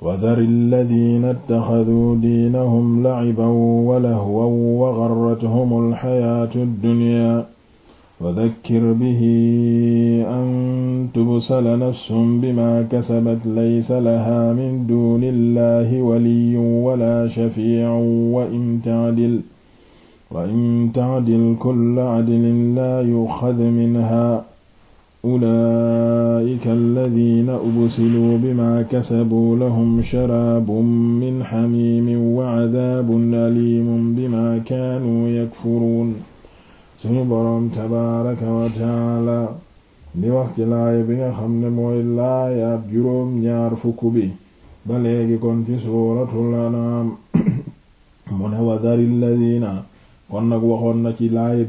wadari alladina ittaxaduu diinahum laciban wa lahwan wa garrathum alxayaatu dduniya wa dakkir bihi an tubsala nafsum bima kasabat laysa laha min duuni illahi waliyun wala shafiicun wa in tacdil wa in tacdil kulla cadlin laa yuxad minha ulaa'ika alladiina ubsiluu bimaa kasabuu lahum sharaabun min hamiimin wa cadaabun aliimun bimaa kaanuu yakfuruun suñu boroom tabaaraka wa taala di wax ci laaya bi nga xam ne mooy laayaab juróom fukk bi ba léegi kon ci suuratul anaam mu ne wa dari alladiina kon nag waxoon na ci laaya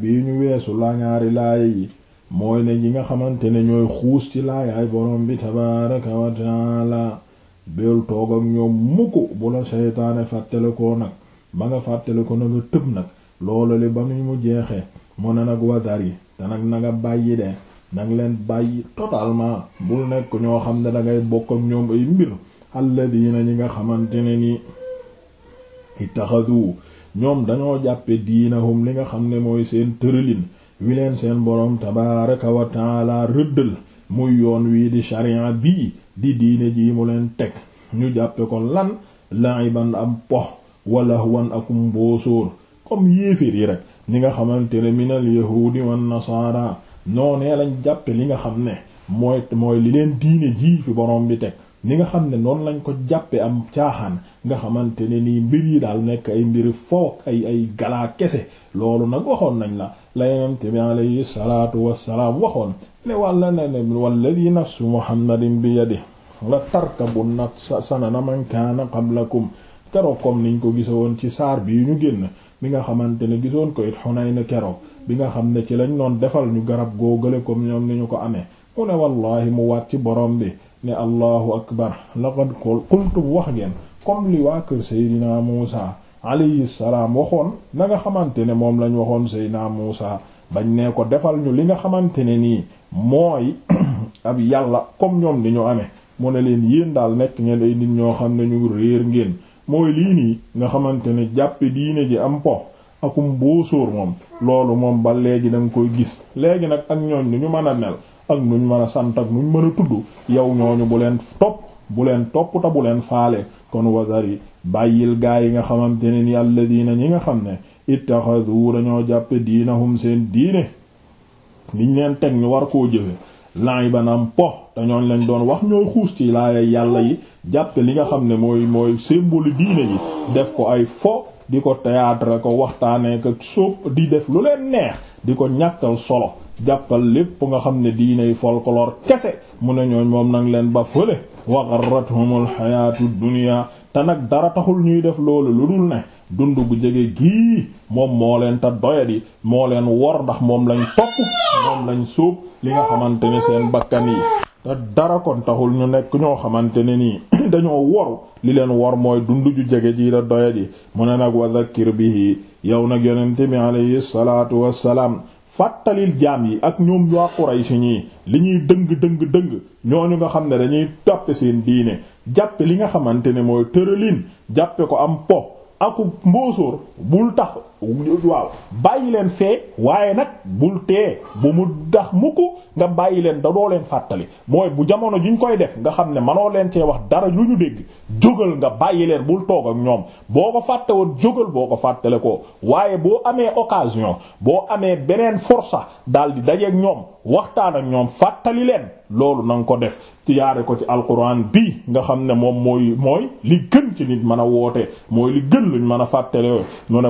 la ñaari laaya yi mooy ne ñi nga xamante ne ñooy xuus ci laayaay borom bi tabaaraka wa taala beel toog ak ñoom mukk bu la seytaane fàttale nag ba nga fàttale ko na nga tëb nag loolu li ba mu jeexee mu ne nag wadar yi te nag na nga bàyyi de nag leen bàyyi totalement bul nekk ñoo xam ne dangay bokk ak ñoom ay mbir alladina ñi nga xamante ne ni ittaxadu ñoom dañoo jàppe diinahum li nga xam ne mooy seen tërëlin wi leen seen boroom tabaaraka wa taala rëddal muy yoon wii di sharia bii di diine jii mu leen teg ñu jàppe ko lan ban am pox wala wan akum mboosóor comme yéeféer yi rek ni nga xamante ne minal yahuudi wan nasaara noonee lañ jàppe li nga xam ne mooy mooy li leen diine jii fi boroom bi teg ni nga xam ne noonu lañ ko jàppe am caaxaan nga xamante ne nii mbir yi daal nekk ay mbiri foog ay ay galaa kese loolu nag waxoon nañ la la yonent bi alayhi salaatu wassalaam waxoon ne wàlla na ne walladi nafsu muhammadin bi yadi la tarkabunna sanana man kaana qablakum keroog comme niñ ko woon ci saar bii ñu génn bi nga xamante ne gisoon ko it Hunayn keroog bi nga xam ne ci lañ doon defal ñu garab googale kom ñoom ni ñu ko amee mu ne wallaahi mu waat ci borom bi ne allahu akbar laqad qultum wax ngeen comme li waa kër Seydina Muusa alayhi salaam waxoon na nga xamante ne moom lañ waxoon Seydina Muusa bañ nee ko defal ñu li nga xamante ne nii mooy ab yàlla comme ñoom ni ñu amee mu ne leen yéen daal nekk ngeen ay nit ñoo xam ne ñu réer ngeen mooy lii nii nga xamante ne jàppe diine ji am po akum boo sóor moom loolu moom ba léegi da nga koy gis léegi nag ak ñooñ nu ñu mën a mel ak nuñ mën a sant ak nuñ mën a tudd yow ñooñu bu leen topp bu leen topp ta leen faale kon yi bàyyil gaa yi nga xamante ne ni alladina ñi nga xam ne wu dañoo jàppe diinahum seen diine liñ leen teg ñu war koo jëfe laibanam po te ñooñ leen doon wax ñooy xuus ci laaya yàlla yi jàppe li nga xam ne mooy mooy symbole diine yi def ko ay fo di ko théâtre ko waxtaanee ko sóob di def lu leen neex di ko ñàkkal solo jàppal lépp nga xam ne diiney folklore kese mu ne ñooñ moom nag leen ba fële wa gharrathum alxayaatu dunya te nag dara taxul ñuy def loolu lu dul ne dund bu jege gii moom moo leen ta doyadi moo leen wor ndax moom lañ topp moom lañ suub li nga xamante ni seen bakkan yi te dara kon taxul ñu nekk ñoo xamante ne nii dañoo woru li leen wor mooy dund ju jege ji la doyadi mu ne nag wa bi bihi yow nag yonente bi alayhi salaatu wassalaam fàttalil jaam yi ak ñoom waa Quraysh ñii li ñuy dëng dëng dëng ñooñu nga xam ne dañuy toppe seen diine jàppe li nga xamante ne mooy tëralin jàppe ko am po aku mbóosóor bul tax waaw bàyyi leen fee waaye nag bul tee bu mu dax mukk nga bàyyi leen da doo leen fàttali mooy bu jamono juñ koy def nga xam ne manoo leen cee wax dara lu ñu dégg jógal nga bàyyi leen bul toog ak ñoom boo ko fàtte jógal boo ko fàttale ko waaye boo amee occasion boo amee beneen forsa daal di dajeeg ñoom waxtaan ak ñoom fàttali leen loolu na ko def ci yaare ko ci alquran bi nga xam ne moom mooy mooy li gën ci nit mën a woote mooy li gën luñ mën a fàttale mu ne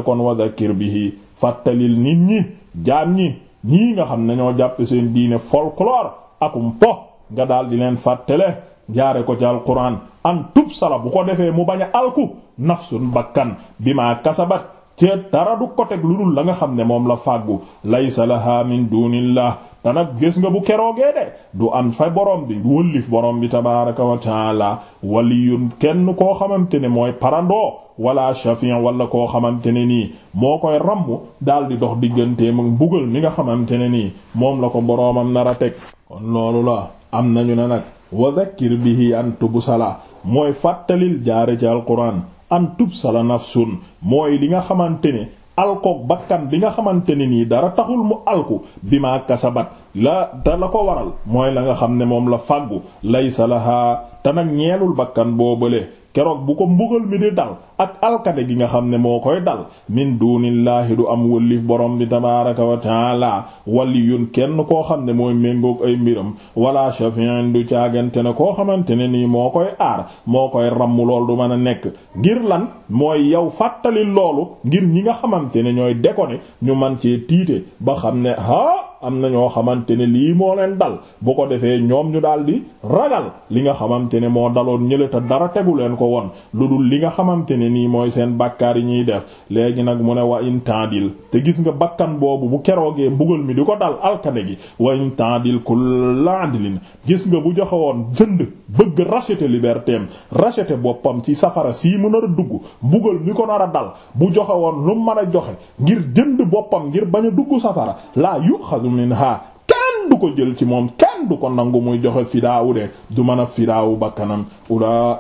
fakkir bihi fàttalil nit ñi jaam ñi ñii nga xam ne ñoo jàpp seen diine folklore akum po nga daal di leen fàttale jaare ko ci alquran an tub sala bu ko defee mu bañ a alku nafsun bakkan bi maa kasabat ci dara du ko teg lu dul la nga xam ne moom la fàggu laysa laha min dunillah te nag gis nga bu keroogee de du am fa borom bi wëllif borom bi tabaaraka wa taala waliyun kenn koo xamante ne mooy parandoo wala shafi'un wala koo xamante ne nii moo koy ramm daal di dox digganteem ak mbugal mi nga xamante ne nii moom la ko boroomam nar a teg kon loolu la am nañu ne nag wa dhakkir bihi an tubsala mooy fàttalil jaare ci alquran an tubsala nafsun mooy li nga xamante ne alkoog bakkan bi nga xamante ne nii dara taxul mu alku bi maa kasabat la te la ko waral mooy la nga xam ni moom la fàggu lay lahaa te nag ñeelul bakkan boobale keroog bu ko mbugal mi di dal ak alkade gi nga xam ne moo koy dal min duunillaahi du am wëllif borom bi tabaaraka wa taala waliyun kenn koo xam ne mooy méngook ay mbiram wala shafi'in du caagante ne koo xamante ne nii moo koy aar moo koy ramm lool du mën a nekk ngir lan mooy yow fàttali loolu ngir ñi nga xamante ne ñooy dekone ñu man ci tiite ba xam ne haa am na ñoo xamante ne lii moo leen dal bu ko defee ñoom ñu daal di ragal li nga xamante ne moo daloon ñële te dara tegu leen ko woon lu dul li nga xamante ne nii mooy seen bàkkaar yi ñuy def léegi nag mu ne wa in tadil te gis nga bakkan boobu bu keroogee mbugal mi di ko dal alkane gi wa in tadil kulla adlin gis nga bu joxewoon jënd bëgg racheter liberté am boppam ci safara sii mu nar a dugg mbugal mi ko nar a dal bu joxe woon lu mën a joxe ngir jënd boppam ngir bañ a dugg safara laa yu xasu minha kenn du ko jël ci moom kenn du ko nangu muy joxe fidaawu de du mën a fidaawu bakkanam ulaa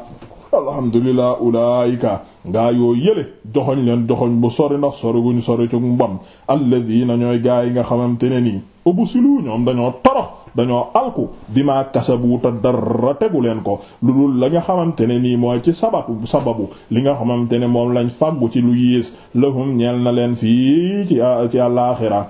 alhamdulillah ulaayika gaa yoo yële joxoñ leen joxoñ bu sori ndax sori guñ sori ci mbon alladina ñooy gaa yi nga xamante ne nii ubu silu ñoom dañoo torox dañoo alku bima kasabu ta dara tegu leen ko lu dul la nga xamante ne nii mooy ci sabatu sababu li nga xamante ne moom lañ fàggu ci lu yées lahum ñeel na leen fii ci ci àlaxira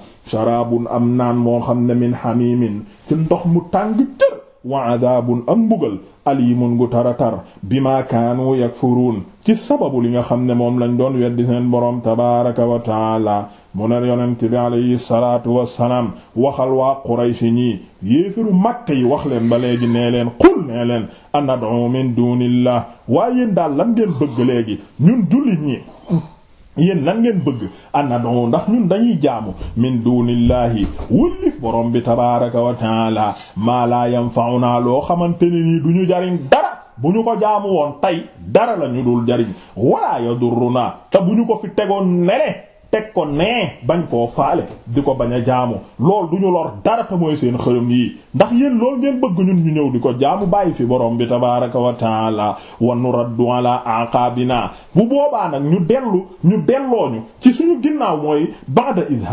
am naan moo xam ne min hamimin ci ndox mu tàng jër wa adabun ak mbugal alimun gu taratar bima kaanu yakfurun ci sababu li nga xam ne moom lañ doon weddi seen borom tabaraka wa taala mu ne yonent bi alayhi salaatu wassalaam waxal waa Quraysh ñii yéefiru Makka yi wax leen ba léegi nee leen qul nee leen anad'u min duunillah waaye yéen daal lan ngeen bëgg léegi ñun jullit ñi yéen lan ngeen bëgg anad'u ndax ñun dañuy jaamu min dunillahi wëllif borom bi tabaaraka wa taala maa laa yanfa'una loo xamante ni nii duñu jariñ dara bu ñu ko jaamu woon tey dara lañu ñu dul jariñ wala yadurruna te bu ñu ko fi tegoon nene teg ko nee bañ koo faale di ko bañ a jaamu lool du ñu lor dara te mooy seen xërëm yi ndax yéen lool ngeen bëgg ñun ñu ñëw di ko jaamu bàyyi fi boroom bi tabaaraka wa taala wa nuraddu ala aqaabina bu boobaa nag ñu dellu ñu delloo ñu ci suñu ginnaaw mooy ba'da id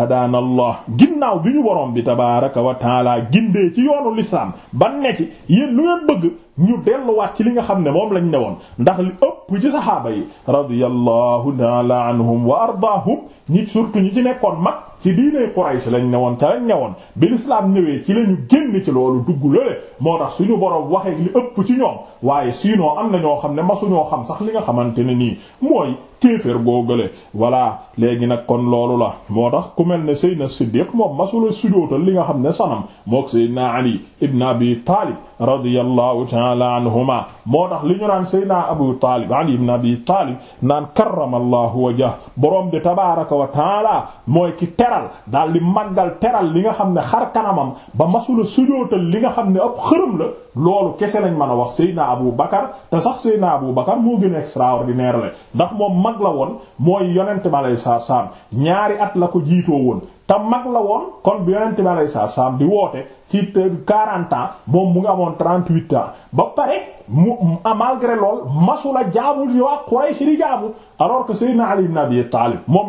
ginnaaw bi ñu borom bi tabaaraka wa taala gindee ci yoonu lislaam ban ci yéen lu ngeen bëgg ñu delluwaat ci li nga xam ne moom lañ ne woon ndax li ëpp ci saxaaba yi radiyallahu ta'ala anhum wa ardaahum ñi surtout ñi ci nekkoon mag ci diiney Quraysh lañ newoon ca lañ newoon bi lislaam ñëwee ci lañu génn ci loolu dugg lële moo tax suñu borom waxee li ëpp ci ñoom waaye sinon am na ñoo xam ne masuñoo xam sax li nga xamante ne nii mooy kéeféer googale voilà léegi nag kon loolu la moo tax ku mel ne Seydina Siddiq moom masula sujootal li nga xam ne sanam mook Seydina Ali ibn Abi Taalib radiyallahu ta'ala anhuma moo tax li ñu naan Seydina Abu li Ali ibn Abi Taalib naan karramallahu wajhahu borom bi tabaaraka wa ta'ala mooy teral daal di màggal teral li nga xam ne xar kanamam ba masula sujootal li nga xam ne ab xërëm la loolu kese lañ mën a wax Seydina Abu Bakar te sax Seydina Abu Bakar moo gën a extraordinaire la ndax moom mag la woon mooy yonent bi alayhi salaatu salaam ñaari at la ko jiitoo woon te mag la woon kon bi yonent bi alayhi salaatu salaam di woote ci 40 ans moom mu ngi amoon 38 ans ba pare mu ah, malgré lool masula jaamu di waa Quraysh di jaamu alors que Seydina Ali ibn Abi moo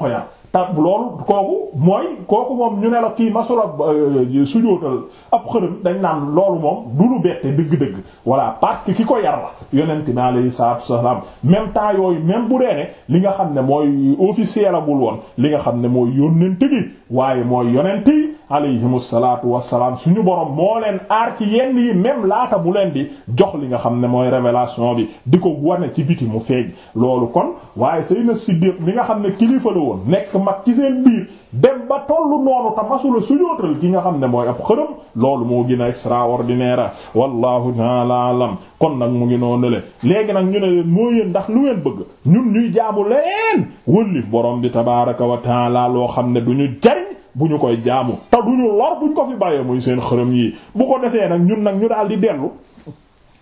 ko yar tab loolu kooku mooy kooku moom ñu ne la kii masula euh, euh, sujootal ab xërëm dañ naan loolu moom du lu bette dëgg-dëgg voilà parce ki ko yar la yonent bi alayhi salaatu wasalaam même temps yooyu même bu dee ne li nga xam ne mooy officiel bul woon li nga xam ne mooy yónnent gi waaye mooy yonent yi alayhimu salaatu wassalaam suñu borom moo leen aar ci yenn yi même laata mu leen di jox li nga xam ne mooy révélation bi di ko wane ci biti mu feeñ loolu kon waaye Seydina Siddiq mi nga xam ne kilifa la woon nekk mag ci seen biir dem ba tollu noonu te masula sujootal ki nga xam ne mooy ab xërëm loolu moo gën a extraordinaire wallahu taala alam kon nag mu ngi noonu le léegi nag ñu ne leen moo yéen ndax lu ngeen bëgg ñun ñuy jaamu leen wëllif borom bi tabaraka wa loo xam ne du ñu jariñ bu ñu koy jaamu te du ñu lor buñ ko fi bàyyee muy seen xërëm yi bu ko defee nag ñun nag ñu daal di dellu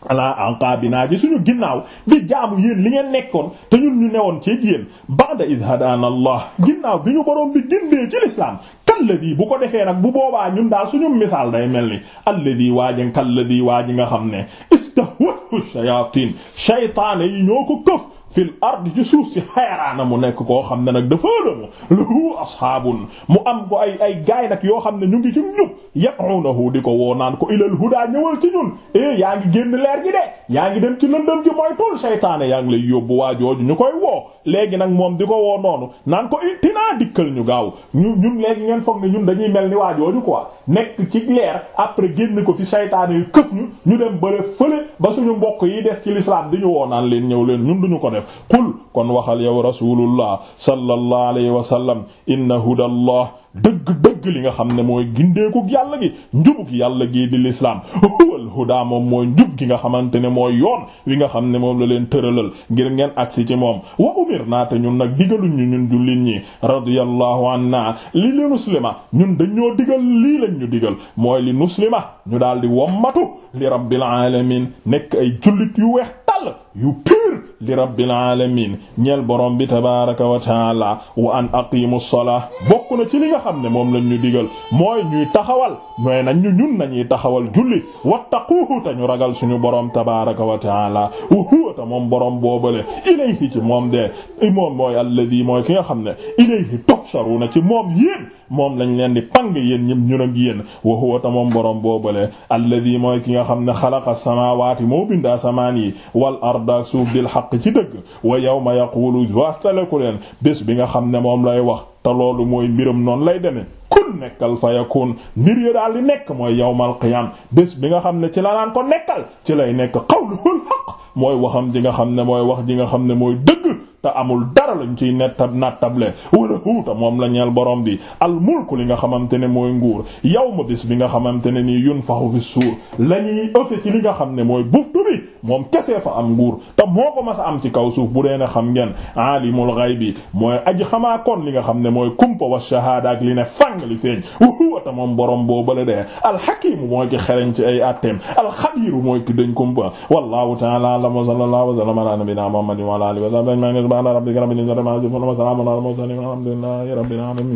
bi anqabina ji suñu ginnaaw bi jaamu yéen li ngeen nekkoon te ñun ñu newoon ci yéen ba'da id hadana allah ginnaaw bi ñu boroom bi gindee ci l'islam kalladi bu ko defee bu boobaa ñun daal suñu misaal day mel ni alladi waa ji kalladi waa ji nga xam ne istahwatu shayatin shaytaana yi ñoo ko këf fil ard ci suuf si xayaraana mu nekk koo xam ne nag dafa ëllëg lahu asxaabun mu am ko ay ay gaay nag yoo xam ne ñu ngi ci njub yad'uunahu di ko woo naan ko ilal hudaa ñëwal ci ñun eh yaa ngi génn leer gi de yaa ngi dem ci lëndëm gi mooy tool seytaane yaa ngi lay yóbbu waa jooju ñu koy woo léegi nag moom di ko woo noonu naan ko itinaa eh, dikkal ñu gaaw ñu ñun léegi ngeen foog na ñun dañuy mel ni waa jooju quoi nekk ci leer après génn ko fi seytaane yu këf ñu ñu dem bëre fële ba suñu mbokk yi des ci l'islam di ñu naan leen ñëw leen ñun duñu ko def qul kon waxal yow rasulullah sallallahu alayhi wa sallam inna hudallah dëgg-dëgg li nga xam ne mooy gindeeku yàlla gi njubug yàlla gi di l'islam huwal huda moom mooy njub gi nga xamante ne mooy yoon wi nga xam ne moom la leen tëralal ngir ngeen agsi ci moom wa umir naate ñun nag digaluñ ñu ñun jullit ñi radiyallahu anna li li muslima ñun dañoo digal lii lañ ñu digal mooy li muslima ñu daal di wommatu li rabbil alamin nekk ay jullit yu weex tàll yu pur li rabbil alamin ñeel borom bi tabaraka wa taala wa an aqimu sola bokk na ci li nga xam ne moom lañ ñu digal mooy ñuy taxawal mooy nañ ñu ñun nañuy taxawal julli wattaquhu te ñu ragal suñu borom tabaraka wa taala wa huwa ta moom borom boobale ilayhi ci moom de moom mooy alladi mooy ki nga xam ne ilayhi tuhsharuna ci moom yéen moom lañ leen di pang yéen ñëpp ñun ak yéen wa huwa ta moom borom boobale alladi mooy ki nga xam ne xalaqa samaawaati yi ardaak suuf bil xaq ci dëgg wa yawma yaqulu waxtaleku leen bés bi nga xam ne moom lay wax te loolu mooy mbiram noonu lay demee kun nekkal fa yakun mbir ya daal li nekk mooy yawmal qiyam bés bi nga xam ne ci la naan ko ci lay nekk qawluhul haqq mooy waxam ji nga xam ne mooy wax ji nga xam ne mooy dëgg te amul dara lañ ciy nettab nattable wala huuta moom la ñeel borom bi al mulku li nga xamante ne mooy nguur yawma bis bi nga xamante ne nii yunfaxu fi suur la ñuy ëfe ci li nga xam ne mooy buftu bi moom kese fa am nguur te moo ko mas a am ci kaw suuf bu dee ne xam ngeen alimul ghaybi mooy aji xamaakoon li ne mooy kumpa wa shahaada ak li ne fang li feeñ wata moom borom boobale dee alxakimu mooy ki xereñ ci ay atteem alxabiru mooy ki dañ kumpa wallahu ta'ala a'lam wa sallallahu wa sallama ala nabiyyina muhammadin wa ala alihi wa sahbihi ajma'in subhana rabbika rabbil izzati amma yasifun wa salamun ala al mursalin walhamdulillahi rabbil alamin